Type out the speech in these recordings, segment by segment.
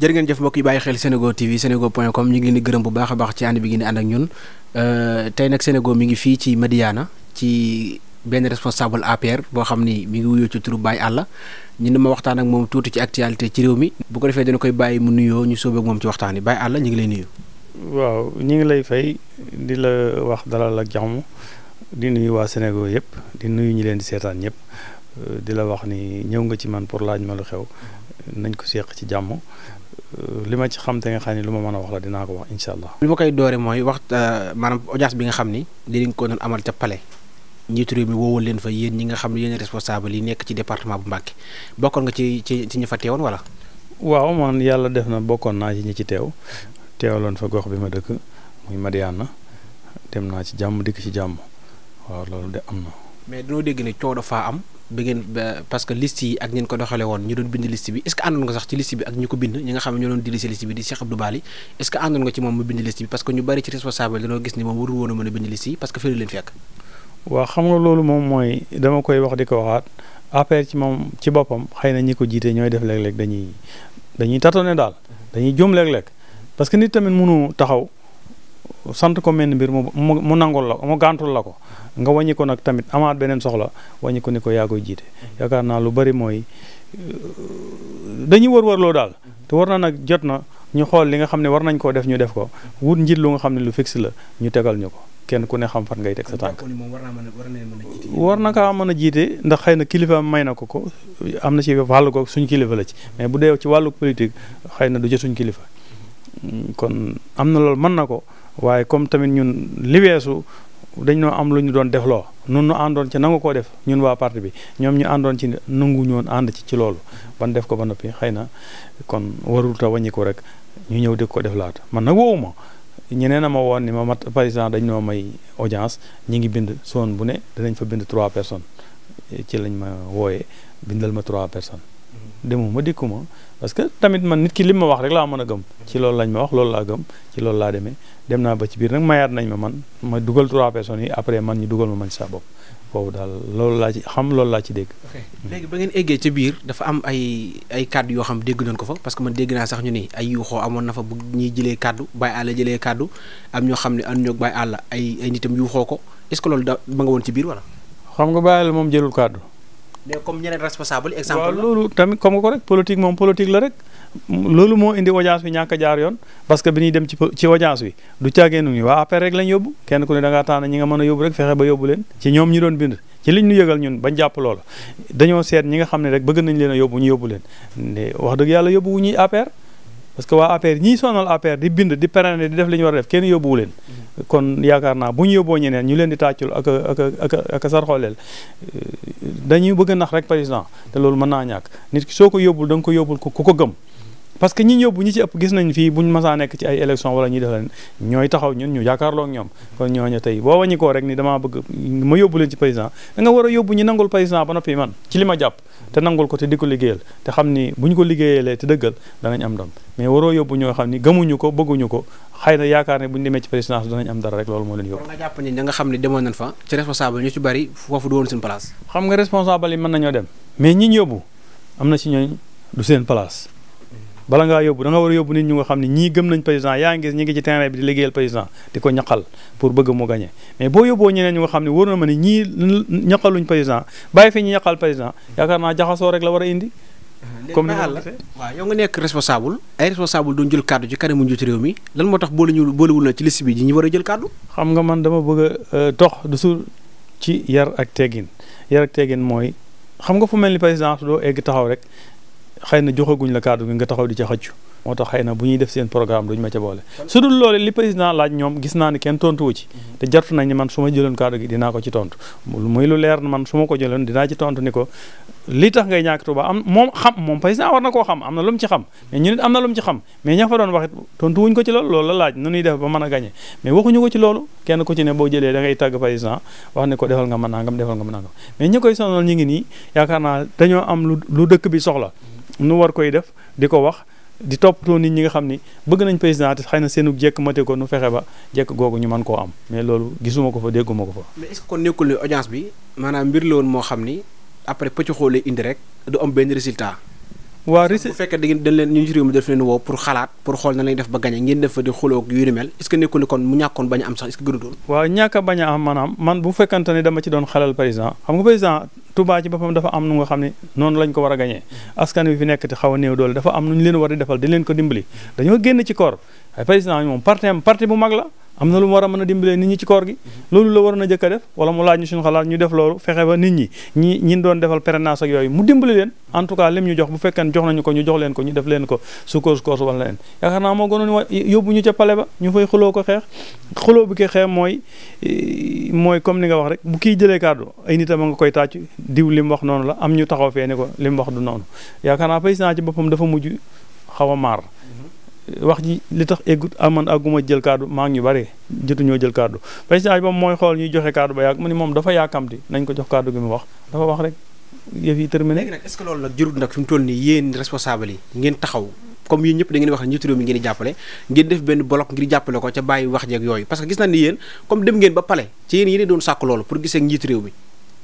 jër ngeen jëf mbokk yi bàyyi xel Senego TV senego point com ñu ngi leen di gërëm bu baax a baax ci ànd bi ngeen ànd ak ñun euh, tey nag Senego mi ngi fii ci Madiyana ci benn responsable APR boo xam ni mi ngi wuyoo ci turu baay Alla ñu ne ma waxtaan ak moom tuuti ci actualité ci réew mi bu ko defee dina koy bàyyi mu nuyoo ñu sóobee moom ci waxtaan yi Baye Alla ñu ngi lay nuyu. waaw ñu ngi lay fay di la wax dalal ak jàmm di nuyu waa Senego yëpp di nuyu ñi leen di seetaan ñëpp. Euh, di la wax ni ñëw nga ci man pour laaj ma lu xew nañ ko seq ci jàmm euh, li ma ci xam te nga xam ni lu ma mën a wax la dinaa ko wax incha allah. li ma koy doore mooy wax euh, maanaam audience bi nga xam ni dinañ ko doon amal ca palais njiitu réew mi woowal leen fa yéen ñi nga xam yéen responsable yi nekk ci département bu Mbacké bokkoon nga ci ci ci ñu fa teewoon wala. waaw man yàlla def na bokkoon naa ci ñi ci teew teewaloon fa gox bi ma dëkk muy Madiana dem naa ci jàmm dikk ci jàmm am na. mais dañoo dégg ne coow dafa am bi ngeen parce que liste yi ak ngeen ko doxale woon ñu doon bind liste bi est àndoon nga sax ci liste bi ak ñu ko bind ñi nga xam ne ñoo doon dirigé liste bi di Cheikh Abdou Bali est ce àndoon nga ci moom mu bind liste bi parce que ñu bari ci responsable dañoo gis ni moom warul woon mën a bind liste yi parce que fii leen fekk waaw xam nga loolu moom mooy dama koy wax di waxaat affaire ci moom ci boppam xëy na ko jiite ñooy def léeg-léeg dañuy dañuy sant ko mel ni mbir mu mu nangul la mu gàntul la ko nga wàññi ko nag tamit amaat beneen soxla wàññi ko ni ko yaa koy jiite kaar naa lu bari mooy euh, dañuy war wërloo daal te war na nag jot na ñu xool li nga xam ne war nañ koo def ñu def ko wut njiit lu nga xam ne lu fixe la ñu tegal ñu ko kenn ku ne xam fan ngay teg sa tànk war na kaa mën a jiite ndax xëy na kilifa may na ko ko am na ci wàllu ko suñ kilifa la ci mais bu dee ci wàllu politique xëy na du ci suñ kilifa waaye comme tamit ñun liweesu dañ noo am lu ñu doon defloo nun nu àndoon ci nangu koo def ñun waa parti bi ñoom ñu àndoon ci nangu ñoon ànd ci ci loolu ban def ko ba noppi xëy na kon warul ta wàññi ko rek ñu ñëw di ko def laata man nag woowu ma ñeneen a ma woon ni ma mat président dañ noo may audience ñi ngi bind soon bu ne danañ fa bind trois personnes ci lañ ma wooyee bindal ma trois personnes demuma dikkuma parce que tamit man nit ki li ma wax rek laa mën a gëm ci loolu lañ ma wax loolu laa gëm ci loolu laa deme dem naa ba ci biir nag mayaat nañ ma man ma dugal trois personnes yi après man ñu dugal ma man ci sa bopp boobu daal loolu laa ci xam loolu laa ci dégg. léegi ba ngeen eggee ca biir dafa am ay ay kàddu yoo xam dégg nañ ko fa parce que ma dégg naa sax ñu ni ay yuuxoo amoon na fa bu ñuy jëlee kàddu Baye Alla jëlee kàddu am ñoo xam ne am ñoo Baye àlla ay ay nitam yuuxoo ko est da ba nga woon ci biir wala. xam nga Baye moom jëlul kàddu mais comme ñeneen responsable exemple waaw loolu tamit comme ko rek politique moom politique la rek loolu moo indi audience bi ñàkk jaar yoon parce que bi ñuy dem ci ci audience bi du caagee nu ñu waa APR rek lañ yóbbu kenn ku ne da ngaa ñi nga mën a yóbbu rek fexe ba yóbbu leen ci ñoom ñu doon bind ci liñ ñu yëgal ñun bañ jàpp loolu dañoo seet ñi nga xam ne rek bëgg nañ leen a yóbbu ñu yóbbu leen wax dëgg yàlla yóbbu wu ñuy APR parce que waa APR ñiy sonal APR di bind di perane di def li ñu war a def kenn yóbbuwu leen kon yaakaar naa bu ñu yóbboo ñeneen ñu leen di tàccul ak ak ak ak dañuy bëgg nax rek par président te loolu mën naa ñàkk nit ki soo ko yóbbul da nga ko yóbbul ku ko gëm parce que ñi yóbbu ñi ci ëpp gis nañ fii buñ masaa nekk ci ay élection wala ñuy def leen ñooy taxaw ñun ñu yaakaarloo ak ñoom kon ñooñu tey boo wàññi koo rek ni damaa bëgg ma yóbbu leen ci président a yóbbu ñi nangul président ba noppi man ci li ma jàpp te nangul ko te di ko liggéeyal te xam ni buñ ko liggéeyalee te dëggal danañ am ndam mais waroo ni gëmuñu ko bëgguñu ko xëy na yaakaar ne bu ñu demee ci présidence danañ am dara rek loolu moo leen yóbbu nga jàpp ni da nga xam ne demoon nañ fa ci responsable ñu ci bari foofu du woon seen place xam nga responsable yi mën nañoo dem mais ñi yóbbu am na ci ñooñ du seen place bala ngaa yóbbu da nga war a yóbbu nit ñu nga xam ne ñii gëm nañ président yaa ngi gis ñi ngi ci terrain bi di liggéeyal président di ko ñaqal pour bëgg mu gagné mais boo yóbboo ñeneen ñu nga xam ne war na ma ne ñii ñaqaluñ président bàyyi fi ñu ñaqal président yaakaar naa jaxasoo rek la war a indi comme ni la waaw yow nga nekk responsable ay responsable doon jël kàddu ci kanamu njiitu réew mi lan moo tax boole ñu boolewul na ci liste bi ñu war a jël kàddu xam nga man dama bëgg a euh, dox du ci yar ak teggin yar ak teggin mooy xam nga fu mel ni président doo egg taxaw rek xëy na joxaguñ la kàddu gi nga taxaw di ca xëccu moo tax xëy na bu ñuy def een programme duñ ma ca boole su dul loole li président laaj ñoom gis naa ni kenn tontuwu ci mhm. te jartu nañ ni man su jëloon kàddu dinaa ko ci tontu muy lu leer man su ma ko jëloon dinaa ci tontu ni ko li tax ngay ñàkk Tuuba am moom xam moom président war na koo xam am na lu mu ci xam mais am na lu mu ci mais ña fa doon wax it tontu wuñ ko ci loolu loolu la laaj nu ñuy def ba mën a gañe mais waxuñu ko ci kenn ku ne boo jëlee da ngay tàgg président wax ne ko defal nga mën nangam defal nga mën nangam mais ñi koy sonal ñu ngi nii yaakaar naa dañoo am lu dëkk bi soxla nu war koy def di ko wax di toppatoo nit ñi nga xam ni bëgg nañ président te xëy na seenu jekk mate ko nu fexe ba jekk googu ñu man koo am mais loolu gisuma ko fa dégguma ko fa. mais est-ce kon nekkul ne audience bi maanaam mbir la moo xam ni après pëcc xoolee indi rek du am benn résultat. waa rece bu fekkee da ngeen dañ leen ñu ci réew mi def leen woo pour xalaat pour xool na di xuloo a a bañ a am maanaam a gañee askan wi fi nekk a néew doole dafa am nu ñu leen war di defal di leen ko dimbali dañoo génn ci koor ay président moom parti am parti bu mag la am na lu mu war a mën a dimbalee nit ñi ci koor gi loolu la waroon a jëkk a def wala mu laaj ñu suñu xalaat ñu def loolu fexe ba nit ñi ñi ñi doon defal prénance ak yooyu mu dimbali leen en tout lim ñu jox bu fekkee jox nañu ko ñu jox leen ko ñu def leen ko su koos koos leen yaakaar naa moo gënoon yóbbu ñu ca pale ba ñu fay xuloo ko xeex xuloo bu ko xeex mooy mooy comme ni nga wax rek bu kii jëlee kàddu ay nit a nga koy tàcc diw li mu wax noonu la am ñu taxaw fee ne ko li mu du noonu yaakaar naa président ci boppam dafa mujj xaw a maar wax ji li tax eggut aman ah, àgguma jël kaddu maa ngi ñu bare jotuñoo jël kaddu président ba mooy xool ñuy joxe kaddu ba yàgg mu ni moom dafa yaakamti nañ ko jox kaddu gi mu wax dafa wax rek yëf yi terminé. léegi nag est-ce loolu nag jurut nag fi mu toll nii yéen responsable yi ngeen taxaw comme yéen ñëpp da ngeen wax ne njiitu réew mi ngeen di jàppale ngeen def benn bloc ngir jàppale ko ca bàyyi wax jeeg yooyu parce que gis nañ ni yéen comme dem ngeen ba pale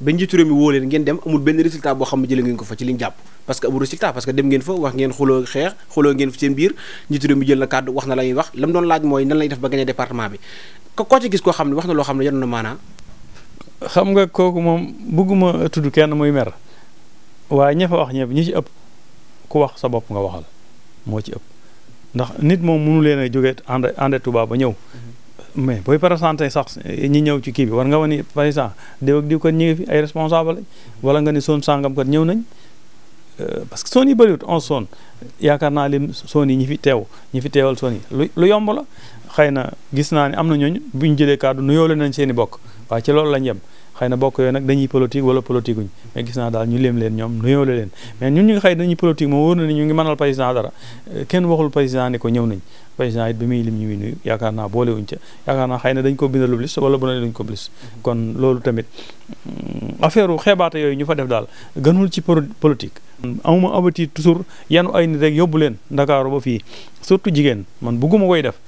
ba njiitu réew mi woo leen ngeen dem amul benn résultat boo xam ne jëlee ngeen ko fa ci liñ jàpp parce que amul résultat parce que dem ngeen fa wax ngeen xuloo xeex xuloo ngeen fa seen biir njiitu réew jël na kàddu wax na la wax lam doon laaj mooy nan lañ def ba gagné département bi ko koo ci gis koo xam ne wax na loo xam ne yanu na maanaa xam nga kooku moom bëgguma tudd kenn muy mer waaye ña fa wax ñëpp ñi ci ëpp ku wax sa bopp nga waxal moo ci ëpp ndax nit moom mënu leen a jógee ànd ànde Tuubaa ba ñëw mais booy présenté sax eh, ñi ñëw ci kii bi war nga wane par exemple diw ak diw kat ñu fi ay responsable lañ wala nga ni son sàngam kat ñëw nañ euh, parce que son yi bëriwut on son yaakaar naa lim son yi ñi fi teew ñi teewal son yi lu lu yomb xëy na gis naa ne am na ñooñu bu ñu jëlee kàddu nuyoo nañ seen i bokk waa ci loolu lañ yem xëy na bokk yooyu nag dañuy politique wala politique uñ mais gis naa daal ñu léem leen ñoom nuyoo la leen mais ñun ñu ngi xëy dañuy politique moom wóor na ni ñu ngi mënal président dara kenn waxul président ne ko ñëw nañ président it bi muy lim ñu muy nuyu yaakaar naa boole wuñ ca yaakaar naa xëy na dañ ko bindal lu lis wala bu ne dañ ko lis kon loolu tamit mm, affaire u xeebaate yooyu ñu fa def daal gënul ci politique amuma abati toujours yanu ay nit rek yóbbu leen ndakaaru ba fii surtout jigéen man bugguma koy def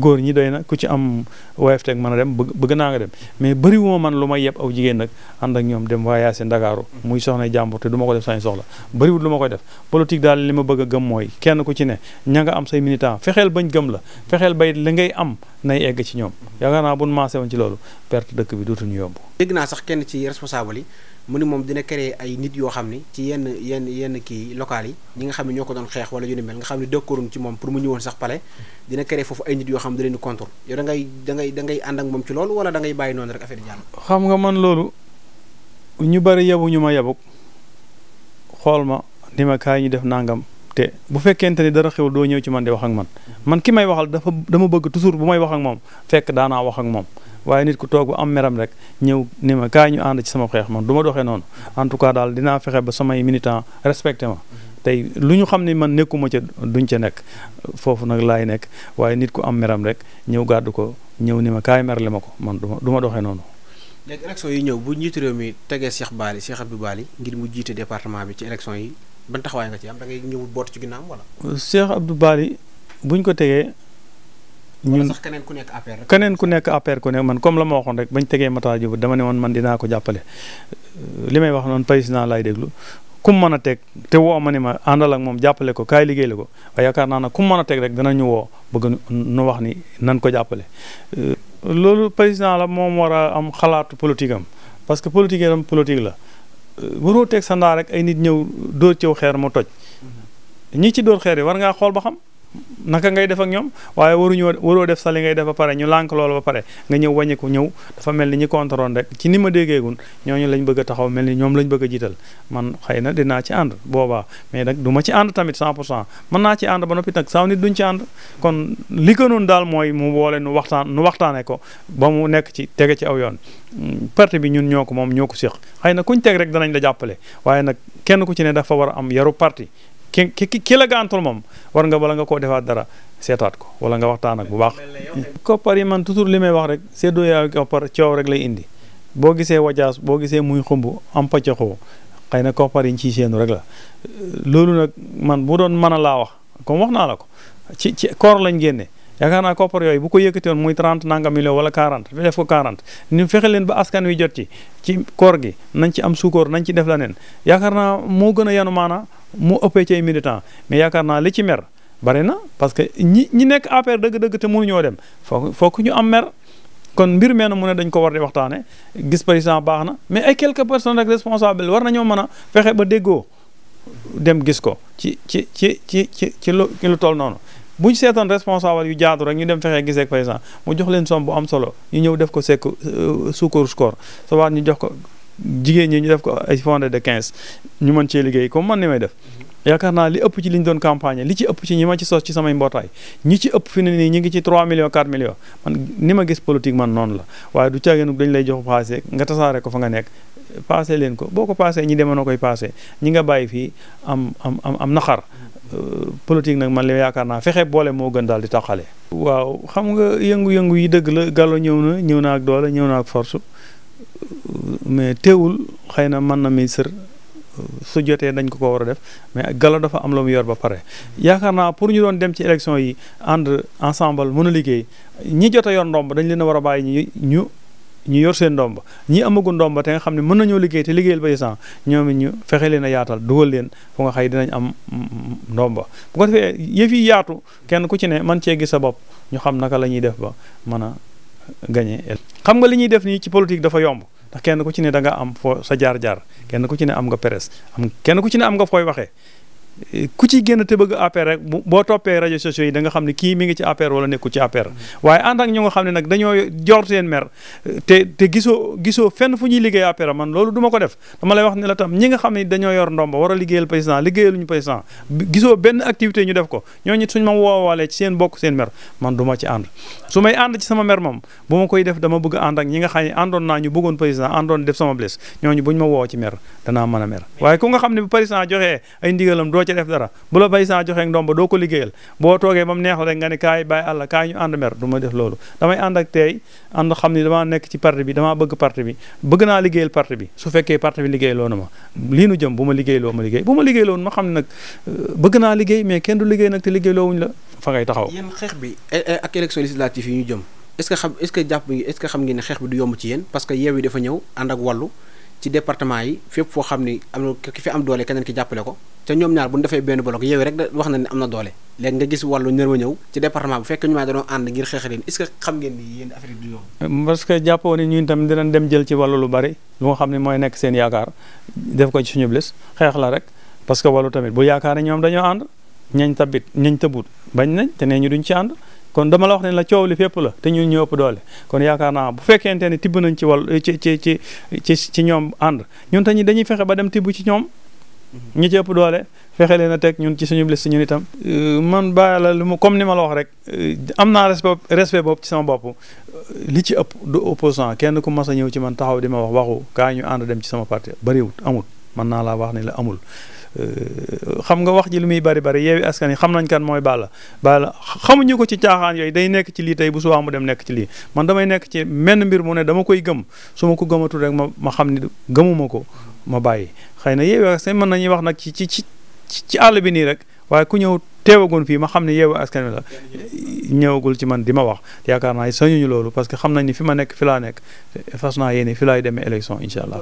góor ñi doy na ku ci am wayefteeg mën a dem bëgg naa nga dem mais bëri wuma man lu may yeb aw jigéen nag ànd ak ñoom dem voyage Ndakaaru muy soxna jàmbur te du ma ko def sañ soxla bëriwut lu ma koy def politique daal li ma bëgg a gëm mooy kenn ku ci ne ña nga am say militant fexeel bañ gëm la fexeel bay li ngay am nay egg ci ñoom yaakaar naa buñ maase woon ci loolu perte dëkk bi dootuñu yomb dégg naa sax kenn ci responsable yi mu ni moom dina créer ay nit yoo xam ni ci yenn yenn yenn kii local yi ñi nga xam ne ñoo ko doon xeex wala yu ni mel nga xam ne dëkkooruñ ci moom pour mu ñëwoon sax pale dina créer foofu ay nit yoo xam ne da leen di contour yow da ngay da ngay da ngay wala da ngay bàyyi noonu rek affaire yi jàll. xam nga man loolu ñu bari yabu ñu ma yabuk xool ma ni ma kaay ñu def nangam te bu fekkente ni dara xew doo ñëw ci man di wax ak man man ki may waxal dafa dama bëgg toujours bu may wax ak moom fekk daanaa wax ak moom waaye nit ku toog bu am meram rek ñëw ni ma kaay ñu ànd ci sama xeex man du ma doxee noonu en tout cas daal dinaa fexe ba samay militant respecté ma tey lu ñu xam ne man nekkuma ca duñ ca nekk foofu nag laay nekk waaye nit ku am meram rek ñëw gàddu ko ñëw ni ma kaay merle ma ko man du ma du ma doxee noonu. léegi élection yi ñëw bu njiitu réew mi tegee seex Bally Cheikh Abdou Bally ngir mu jiite département bi ci élection yi ban taxawaay nga ci am da ngay ñëw boot ci ginnaam wala. ñun keneen ku nekk affaire keneen ku nekk APR ku ne man comme la ma waxoon rek bañ tegee Matar Diop dama ne woon man dinaa ko jàppale li may wax noonu président laay déglu kum mën a teg te woo ma ni ma àndal ak moom jàppale ko kaay liggéey la ko yaakaar naa ne kum mën a teg rek dana ñu woo bëgg nu wax ni nan ko jàppale. Euh, loolu président la moom war a am xalaatu politique am parce que politique am politique la euh, waroo teg sa ndaa rek ay nit ñëw dóor ciw xeer mu toj mm-hmm. ñi ci dóor xeer war ngaa xool ba xam. naka ngay def ak ñoom waaye waruñoo waroo def sa li ngay def ba pare ñu lànk loolu ba pare nga ñëw wàññiku ñëw dafa mel ni ñi contrôle rek ci ni ma déggeegun ñooñu lañ bëgg taxaw mel ni ñoom lañ bëgg a jiital man xëy na dinaa ci ànd boobaa mais nag du ma ci ànd tamit 100 pour cent mën naa ci ànd ba noppi nag saa nit duñ ci ànd kon li ko daal mooy mu boole nu waxtaan nu waxtaanee ko ba mu nekk ci tege ci aw yoon hmm, parti bi ñun ñoo ko moom ñoo ko séq xëy na kuñ teg rek danañ la jàppale waaye nag kenn ku ci ne dafa war a am yaru parti ki ki ki la gàntul moom war nga bala nga koo defaat dara seetaat ko wala nga waxtaan ak bu baax. koppar yi man toujours li may wax rek seddoo yaa koppar coow rek lay indi boo gisee wajaas boo gisee muy xumb am pàccaxoo xëy na koppar yi ñu ciy rek la loolu nag man bu doon mën a laa wax comme wax naa la ko ci ci koor lañ génne. yaakaar naa koppar yooyu bu ko yëkkati woon muy 30 nanga million wala 40 def ko 40 ñu fexe leen ba askan wi jot ci ci koor gi nañ ci am suukóor nañ ci def la neen yaakaar naa moo gën a yanu maana moo ëppee ci ay mais yaakaar naa li ci mer bari na parce que ñi ñi nekk APR dëgg-dëgg te ñoo dem foog foog ñu am mer kon mbir mee na mu ne dañ ko war di waxtaane gis président baax na mais ay quelques personnes rek responsable war nañoo mën a fexe ba déggoo dem gis ko ci ci ci ci ci ci lu toll noonu buñ seetoon responsable yu jaadu rek ñu dem fexee gisee président mu jox leen somme bu am solo ñu ñëw def ko sekk euh, sukkur score souvent ñu jox ko jigéen ñi ñu def ko ay fondé de quinze ñu mën cee liggéey comme man ni may def yaakaar naa li ëpp ci li ñu doon campagne li ci ëpp ci ñi ma ci sos ci samay mbootaay ñi ci ëpp fi ne nii ñi ngi ci 3 millions 4 millions man ni ma gis politique man noonu la waaye du caagéen dañ lay jox xaalis nga tasaare ko fa nga nekk passé leen ko boo ko passé ñi demoon na koy passé ñi nga bàyyi fii am am am am naxar euh, politique nag man li yaakaar naa fexe boole moo gën daal di taxale waaw xam nga yëngu-yëngu yi dëgg la Gallo ñëw na ñëw na ak doole ñëw na ak force mais teewul xëy na mën na ministre su jotee dañ ko ko war a def mais galo dafa am lu yor ba pare yaakaar naa pour ñu doon dem ci élection yi ànd ensemble mën a liggéey ñi jot yor ndomb dañ leen war a bàyyi ñu ñu yor seen ndomba ñi amagu ndomba te nga xam ne mën nañoo liggéey te liggéeyal paysan ñoom it ñu fexe leen a yaatal dugal leen fu nga xëy dinañ am ndomba bu ko yaatu kenn ku ci ne man cee gis sa bopp ñu xam naka la ñuy def ba mën a gañe xam nga li ñuy def nii ci politique dafa yomb ndax kenn ku ci ne danga am foo sa jaar-jaar kenn ku ci ne am nga presse am kenn ku ci ne am nga fooy waxee ku ci génn te bëgg APR rek boo toppee rajo sociaux yi da nga xam ne kii mi ngi ci APR wala nekku ci APR mm-hmm. waaye ànd ñu nga xam ne nag dañoo fu ñuy liggéey APR man loolu ma ko def dama lay wax ne la tam ñi nga xam ne dañoo yor ndomba war a liggéeyal président liggéeyaluñu président gisoo benn activité ñu def ko ñoo ñit suñu ma woowaalee ci seen bokk seen mer man du ma ci ànd su may ànd ci sama mer moom bu ma koy def dama bëgg ànd ak ñi nga xam ne àndoon naa ñu bëggoon président àndoon def sama bless ñooñu buñ ma woo ci mer danaa mën a mer ci def dara bu la bay saa joxee ndomba doo ko liggéeyal boo toogee ba mu neexul rek nga ne kaay bàyyi àll kaay ñu ànd mer du ma def loolu damay ànd ak tey ànd xam ni damaa nekk ci parti bi damaa bëgg parti bi bëgg naa liggéeyal parti bi su fekkee parti bi liggéey loonu ma lii nu jëm bu ma liggéey loo ma xam ne nag euh, bëgg naa liggéey mais kenn du liggéey nag te liggéey loowuñu la fa ngay taxaw yéen xeex bi eh, eh, ak élection législative yi ñu jëm est ci département yi fépp foo xam ni am na ki fi am doole keneen ki jàppale ko te ñoom ñaar bu ñu defee benn bloc yeewi rek wax na ne am na doole léegi nga gis wàllu ñër wa ñëw ci département bu fekkee ñu maa dañoo ànd ngir xeex leen est euh, jàppoo ni ñun tamit dinañ dem jël ci wàllu lu bari lu nga xam ne mooy nekk seen yaakaar def ko ci suñu bés xeex la rek parce que wàllu tamit bu yaakaar ne ñoom dañoo ànd ñañ tabit ñañ tëbut bañ nañ te nee ñu duñ ci ànd kon dama la wax ne la coow li fépp la te ñun ñoo ëpp doole kon yaakaar naa bu fekkente ne tibb nañ ci wàll ci ci ci ci ci ñoom ànd ñun tamit dañuy fexe ba dem tibb ci ñoom. Mm-hmm. ñu ci ëpp doole fexe leen a teg ñun ci suñu liste ñun itam. Uh, man bàyyi la lu mu comme ni ma la wax rek uh, am naa respect respect bopp ci sama bopp uh, li ci ëpp du opposant kenn ku mas a ñëw ci man taxaw di ma wax waxu kaa ñu ànd dem ci sama parti bariwul amul mën naa laa wax ne la amul. xam nga wax ji li muy bari bari yeewi askan yi xam nañ kan mooy Balla Balla xamuñu ko ci caaxaan yooyu day nekk ci lii tey bu subaa mu dem nekk ci lii man damay nekk ci menn mbir mu ne dama koy gëm su ma ko gëmatul rek ma ma xam ni gëmuma ko ma bàyyi xëy na yeewi askan mën nañuy wax nag ci ci ci ci àll bi nii rek waaye ku ñëw teewagoon fii ma xam ne yeewu askan wi la ñëwagul ci man di ma wax yaakaar naa sañuñu loolu parce que xam nañ ni fi ma nekk fi laa nekk fas naa fi laay demee élection incha allah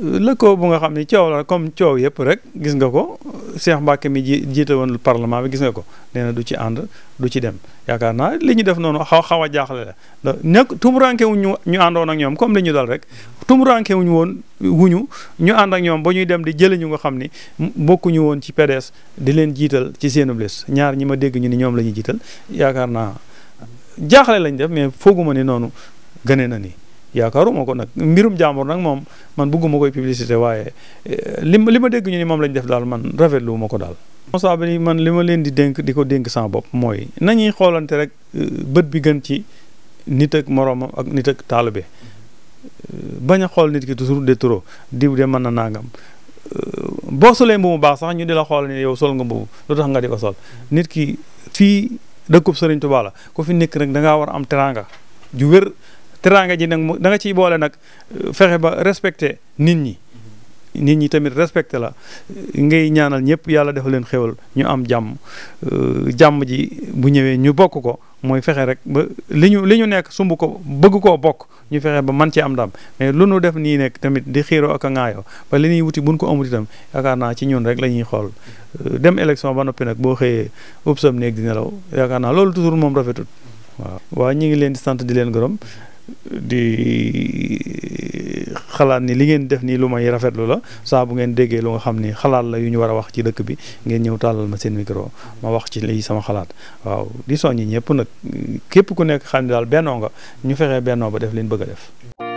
lëkkoo bu nga xam ne coow la comme coow yëpp rek gis nga ko Cheikh Mbacke mi ji jiite woon parlement bi gis nga ko nee na du ci ànd du ci dem yaakaar naa li ñu def noonu xaw xaw a jaaxle la nekk tumuranke wuñu ñu àndoon ak ñoom comme li dal rek tumuranke wuñu woon wuñu ñu ànd ak ñoom ba ñuy dem di jëli ñu nga xam ni bokkuñu woon ci PDS di leen jiital ci seenub lis ñaar ñi ma dégg ñu ni ñoom la ñuy jiital yaakaar naa jaaxle lañ def mais fooguma ni noonu gënee na ni yaakaaruma ko nag mbirum jàmbur nag moom man bëgguma koy publicité waaye eh, li li ma dégg ñu ni moom lañ def daal man rafetlu ma ko daal. responsable yi man li ma leen di dénk di ko dénk sama bopp mooy nañuy xoolante rek eh, bët bi gën ci nit ak moroomam ak nit ak taalibe eh, bañ xool nit ki toujours de trop diw de mën na nangam. boo solee mbubu baax sax ñu di la xool ne yow sol nga mbubu lu tax nga di ko sol nit ki fii dëkkub Sëriñ Tuubaa la ku fi nekk rek da ngaa war a am teraanga ju wér teraanga ji nag mu da nga ciy boole nag euh, fexe ba respecté nit ñi nit ñi tamit respecté la ngay ñaanal ñëpp yàlla defal leen xéwal ñu am jàmm euh, jàmm ji bu ñëwee ñu bokk ko mooy fexe rek ba li ñu li ñu nekk sumb ko bëgg koo bokk ñu fexe ba man ci am dam mais lu nu def nii nekk tamit di xiiroo ak a ŋaayoo ba li ñuy wuti buñ ko amut itam yaakaar naa ci ñun rek la ñuy xool euh, dem élection ba noppi nag boo xëyee ub sam néeg di nelaw yaakaar naa loolu toujours moom rafetul waaw sant di leen gërëm di eh, xalaat ni li ngeen def nii lu may rafetlu la saa bu ngeen déggee lu nga xam ni xalaat la yu ñu war a wax ci dëkk bi ngeen ñëw tàllal ma seen micro ma wax ci lii sama xalaat waaw di yi ñëpp nag képp ku nekk xam ne daal bennoo nga ñu fexee bennoo ba def leen bëgg a def